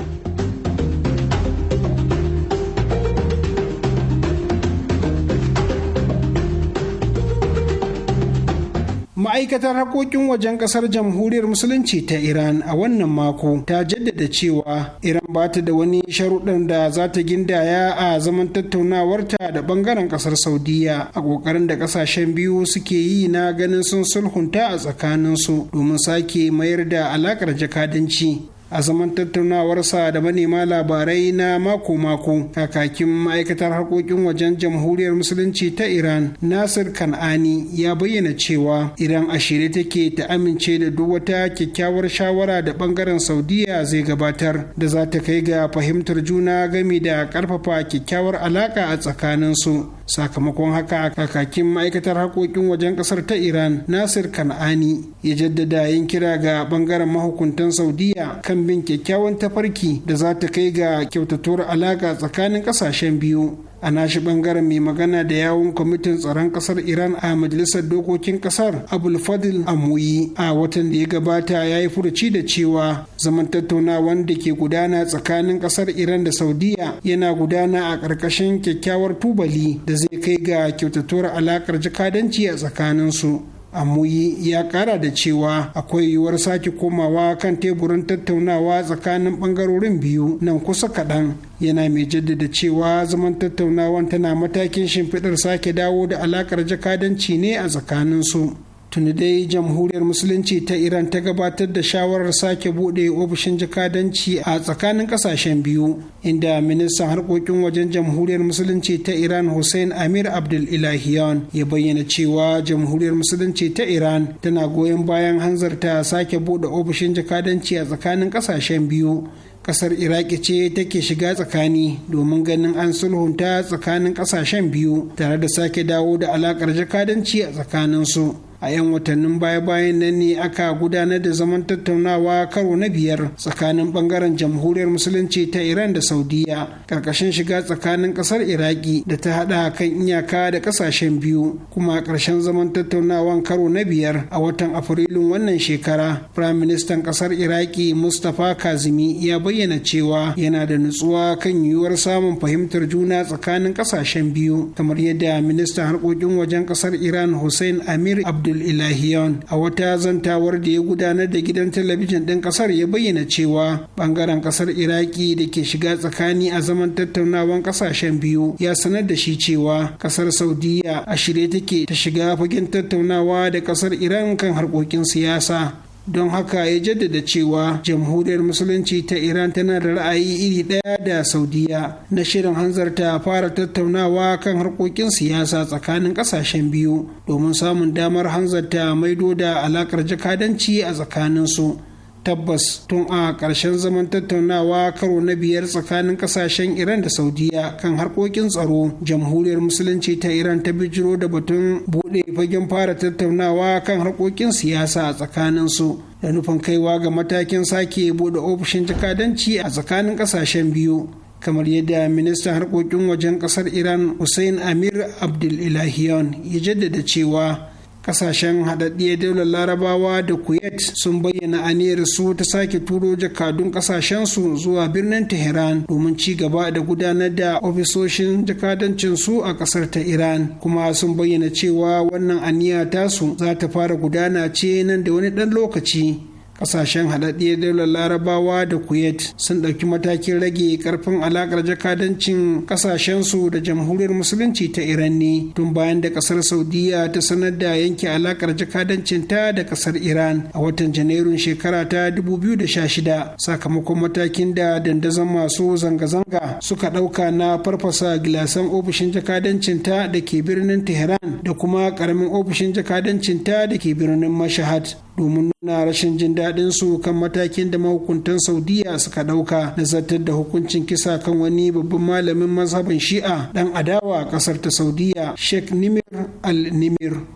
Speaker 10: Ma'aikatar harkokin wajen kasar jamhuriyar musulunci ta Iran a wannan mako ta jaddada cewa Iran ba ta da wani sharuɗan da za ta gindaya a zaman tattaunawarta da bangaren ƙasar saudiyya a ƙoƙarin da ƙasashen biyu suke yi na ganin sun sulhunta a tsakaninsu domin sake mayar da alaƙar jakadanci. a zaman tattaunawarsa da manema labarai na mako-mako kakakin ma'aikatar harkokin wajen jamhuriyar musulunci ta iran nasir kan'ani ya bayyana cewa iran a shirye take ta amince da duk wata kyakkyawar shawara da bangaren saudiya zai gabatar da za ta kai ga fahimtar juna game da karfafa kyakkyawar alaka a tsakanin su. sakamakon haka kakakin ma'aikatar harkokin wajen kasar ta iran nasir kan'ani ya jaddada yin kira ga ɓangaren mahukuntan saudiya kan bin kyakkyawan tafarki da za ta kai ga kyautatuwar alaƙa tsakanin ƙasashen biyu a nashi bangaren mai magana da yawun kwamitin tsaron kasar iran a majalisar dokokin kasar abulfadil amuyi a watan da ya gabata ya yi furuci da cewa zaman tattaunawan da ke gudana tsakanin kasar iran da saudiya yana gudana a ƙarƙashin kyakkyawar tubali da zai kai ga kyautattuwar alaƙar jakadanci a tsakaninsu amuyi ya kara da cewa akwai yiwuwar sake komawa kan teburin tattaunawa tsakanin bangarorin biyu nan kusa kaɗan yana mai jaddada cewa zaman tattaunawan tana matakin shimfiɗar sake dawo da alakar jakadanci ne a tsakaninsu tuni dai jamhuriyar musulunci ta iran ta gabatar da shawarar sake bude ofishin jakadanci a tsakanin kasashen biyu inda ministan harkokin wajen jamhuriyar musulunci ta iran hussein amir abdul ilahiyan ya bayyana cewa jamhuriyar musulunci ta iran tana goyon bayan hanzarta sake bude ofishin jakadanci a tsakanin kasashen biyu kasar iraki ce take shiga tsakani domin ganin an sulhunta tsakanin kasashen biyu tare da sake dawo da alakar jakadanci a tsakaninsu a yan watannin baya-bayan nan ne aka gudanar da zaman tattaunawa karo na biyar tsakanin bangaren jamhuriyar musulunci ta iran da saudiya karkashin shiga tsakanin ƙasar iraki da ta haɗa kan iyaka da ƙasashen biyu kuma ƙarshen zaman tattaunawan karo na biyar a watan afrilun wannan shekara firaministan ƙasar iraki mustapha kazimi ya bayyana cewa yana da nutsuwa kan yiwuwar samun fahimtar juna tsakanin ƙasashen biyu kamar yadda ministan harkokin wajen ƙasar iran hussein amir abdul abdul ilahiyon a wata zantawar da ya gudanar da gidan talabijin ɗin ƙasar ya bayyana cewa ɓangaren ƙasar iraki da ke shiga tsakani a zaman tattaunawan ƙasashen biyu ya sanar da shi cewa ƙasar saudiya a shirye take ta shiga fagen tattaunawa da ƙasar iran kan harkokin siyasa don haka ya jaddada cewa jamhuriyar musulunci ta iran tana da ra'ayi iri ɗaya da saudiya na shirin hanzarta fara tattaunawa kan harkokin siyasa tsakanin ƙasashen biyu domin samun damar hanzarta maido da alaƙar jakadanci a tsakaninsu tabbas tun a ƙarshen zaman tattaunawa karo na biyar tsakanin ƙasashen iran da saudiya kan harkokin tsaro jamhuriyar musulunci ta iran ta bijiro da batun buɗe fagen fara tattaunawa kan harkokin siyasa a tsakanin su, da nufin kaiwa ga matakin sake buɗe ofishin jakadanci a tsakanin ƙasashen biyu kamar yadda ministan harkokin wajen ƙasar iran hussein amir abdul ilahiyon ya jaddada cewa kasashen haɗaɗɗiyar daular larabawa da kuwait sun bayyana aniyar su ta sake turo jakadun kasashensu zuwa birnin tehran domin ci gaba da gudanar da ofisoshin jakadancin su a ƙasar ta iran kuma sun bayyana cewa wannan aniya tasu za ta fara gudana ce nan da wani ɗan lokaci kasashen haɗaɗɗiyar daular larabawa da kuwait sun ɗauki matakin rage karfin alaƙar jakadancin ƙasashensu da jamhuriyar musulunci ta iran ne tun bayan da ƙasar saudiya ta sanar da yanke alaƙar jakadancin ta da ƙasar iran a watan janairun shekara ta 2016 sakamakon matakin da dandazon masu zanga-zanga suka ɗauka na farfasa gilasan ofishin jakadancinta ta da ke birnin tehran da kuma ƙaramin ofishin jakadancinta ta da ke birnin mashahad domin nuna rashin jin daɗin su kan matakin da mahukuntan saudiya suka ɗauka na zartar da hukuncin kisa kan wani babban malamin mazhaban shi'a ɗan adawa a ƙasar ta saudiya sheikh nimir al-nimir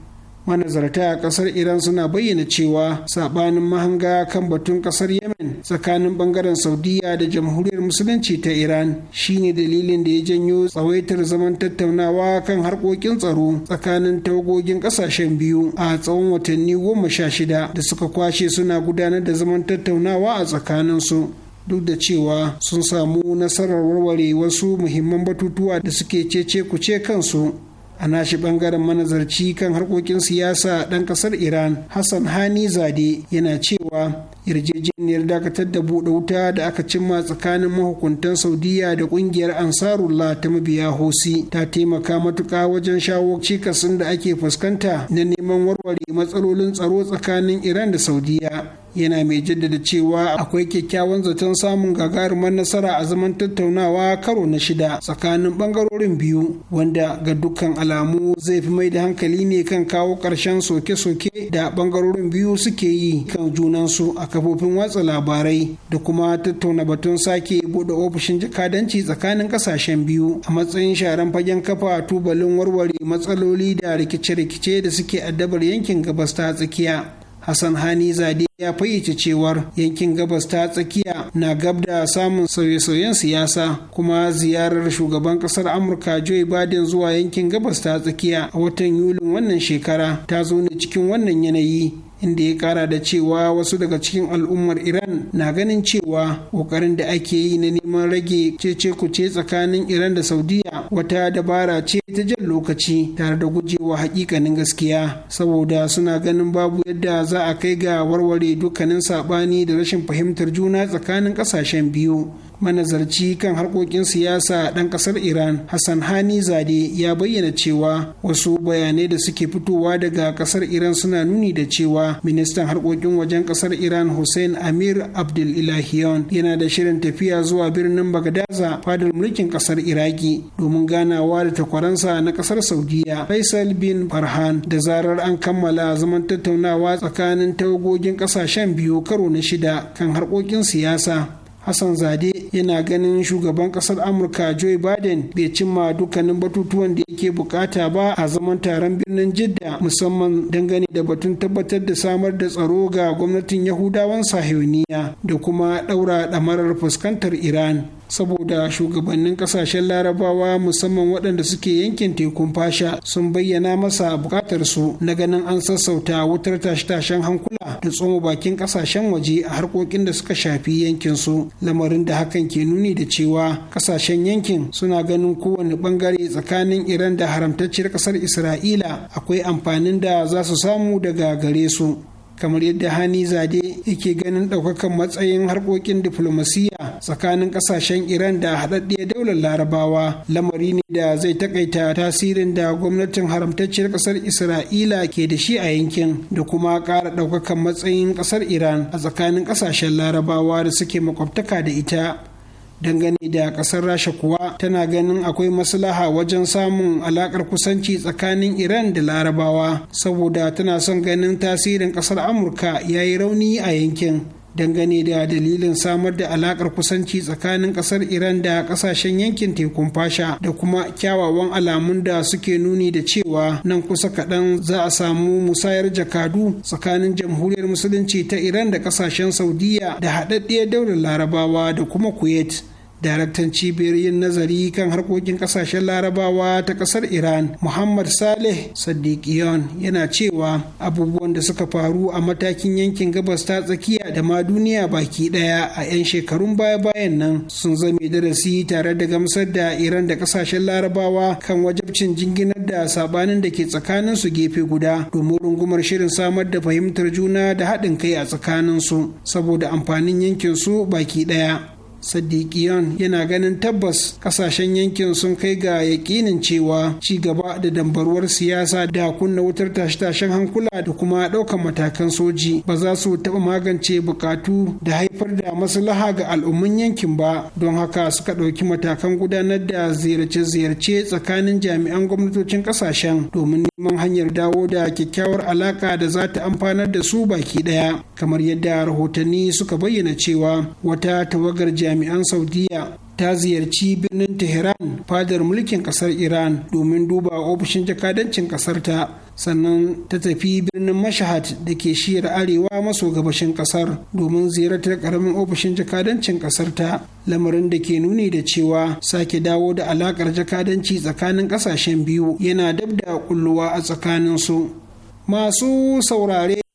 Speaker 10: manazarta a kasar iran suna bayyana cewa sabanin mahanga kan batun kasar yemen tsakanin bangaren saudiya da jamhuriyar musulunci ta iran shine dalilin da ya janyo tsawaitar zaman tattaunawa kan harkokin tsaro tsakanin tawagogin kasashen biyu a tsawon watanni goma sha shida da suka kwashe suna gudanar da zaman tattaunawa a tsakanin su duk da cewa sun samu nasarar warware wasu muhimman batutuwa da suke cece kuce kansu a nashi bangaren manazarci kan harkokin siyasa ɗan ƙasar iran hassan hani zade yana cewa yarjejeniyar dakatar da buɗe wuta da aka cimma tsakanin mahukuntan saudiya da ƙungiyar ansarullah ta mabiya hosi ta taimaka matuƙa wajen shawo cikasin da ake fuskanta na neman warware matsalolin tsaro tsakanin iran da saudiya yana mai jaddada cewa akwai kyakkyawan zaton samun gagarumar nasara a zaman tattaunawa karo na shida tsakanin bangarorin biyu wanda ga dukkan alamu zai fi mai da hankali ne kan kawo ƙarshen soke-soke da bangarorin biyu suke yi kan junansu a kafofin watsa labarai da kuma tattauna batun sake buɗe ofishin jakadanci tsakanin ƙasashen biyu a matsayin sharan fagen kafa tubalin warware matsaloli da rikice-rikice da suke addabar yankin gabas ta tsakiya hassan hani zade ya fayyace cewar yankin gabas ta tsakiya na gab da samun sauye-sauyen siyasa kuma ziyarar shugaban kasar amurka joe biden zuwa yankin gabas ta tsakiya a watan yulin wannan shekara ta zo ne cikin wannan yanayi inda ya kara da cewa wasu daga cikin al'ummar iran na ganin cewa kokarin da ake yi na neman rage cece kuce tsakanin iran da saudiya wata dabara ce ta jan lokaci tare da gujewa hakikanin gaskiya saboda suna ganin babu yadda za a kai ga warware dukkanin saɓani da rashin fahimtar juna tsakanin kasashen biyu manazarci kan harkokin siyasa ɗan ƙasar iran hassan hani zade ya bayyana cewa wasu bayanai da suke fitowa daga ƙasar iran suna nuni da cewa ministan harkokin wajen ƙasar iran hussein amir abdul ilahiyon yana da shirin tafiya zuwa birnin bagadaza fadar mulkin ƙasar iraki domin ganawa da takwaransa na ƙasar saudiya faisal bin farhan da zarar an kammala zaman tattaunawa tsakanin tawagogin ƙasashen biyu karo na shida kan harkokin siyasa hassan zade yana ganin shugaban kasar amurka joe biden bai cimma dukkanin batutuwan da yake bukata ba a zaman taron birnin jidda musamman dangane da batun tabbatar da samar da tsaro ga gwamnatin yahudawan sahiyoniya da kuma daura damarar fuskantar iran saboda shugabannin kasashen larabawa musamman waɗanda suke yankin tekun fasha sun bayyana masa buƙatar su na ganin an sassauta wutar tashe-tashen hankula da tsoma bakin kasashen waje a harkokin da suka shafi yankin su lamarin da hakan ke nuni da cewa kasashen yankin suna ganin kowane bangare tsakanin iran da haramtacciyar ƙasar isra'ila akwai amfanin da za su samu daga gare su kamar yadda hani zade yake ganin ɗaukakan matsayin harkokin diflomasiyya tsakanin ƙasashen iran da haɗaɗɗiyar daular larabawa lamari ne da zai takaita tasirin da gwamnatin haramtacciyar ƙasar isra'ila ke da shi a yankin da kuma ƙara ɗaukakan matsayin ƙasar iran a tsakanin ƙasashen larabawa da suke makwabtaka da ita dangane da kasar rasha kuwa tana ganin akwai maslaha wajen samun alakar kusanci tsakanin iran da larabawa saboda tana son ganin tasirin kasar amurka ya yi rauni a yankin dangane da dalilin samar da alakar kusanci tsakanin kasar iran da kasashen yankin tekun fasha da kuma kyawawan alamun da suke nuni da cewa nan kusa kaɗan za a samu musayar jakadu tsakanin jamhuriyar musulunci ta iran da kasashen saudiya da haɗaɗɗiyar daular larabawa da kuma kuwait daraktan cibiyar yin nazari kan harkokin kasashen larabawa ta kasar iran muhammad saleh sadiqiyon yana cewa abubuwan da suka faru a matakin yankin gabas ta tsakiya da ma duniya baki daya a 'yan shekarun baya bayan nan sun zame darasi tare da gamsar da iran da kasashen larabawa kan wajabcin jinginar da sabanin da ke tsakanin su gefe guda domin rungumar shirin samar da fahimtar juna da haɗin kai a tsakanin su saboda amfanin yankin su baki ɗaya. sadiqiyan yana ganin tabbas kasashen yankin sun kai ga yakinin cewa ci gaba da dambaruwar siyasa da kunna wutar tashe-tashen hankula da kuma ɗaukar matakan soji ba za su taɓa magance bukatu da haifar da maslaha ga al'ummin yankin ba don haka suka ɗauki matakan gudanar da ziyarce-ziyarce tsakanin jami'an gwamnatocin kasashen domin neman hanyar dawo da kyakkyawar alaka da za ta amfanar da su baki ɗaya kamar yadda rahotanni suka bayyana cewa wata tawagar jami'an jami'an saudiya ta ziyarci birnin tehran fadar mulkin kasar iran domin duba ofishin jakadancin kasar ta sannan ta tafi birnin mashahad da ke shiyar arewa maso gabashin kasar domin ziyartar karamin ofishin jakadancin kasar ta lamarin da ke nuni da cewa sake dawo da alakar jakadanci tsakanin kasashen biyu yana dab da kulluwa a tsakanin su masu saurare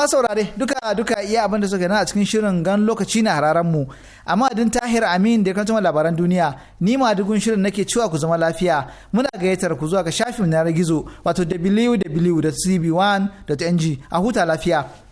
Speaker 1: ma saurare duka duka iya abin da suka na a cikin shirin gan lokaci na hararen mu amma din tahir amin da kanta labaran duniya ni ma dukun shirin nake cewa ku zama lafiya muna gayyatar ku zuwa ga shafin na gizo wato www.cb1.ng a huta lafiya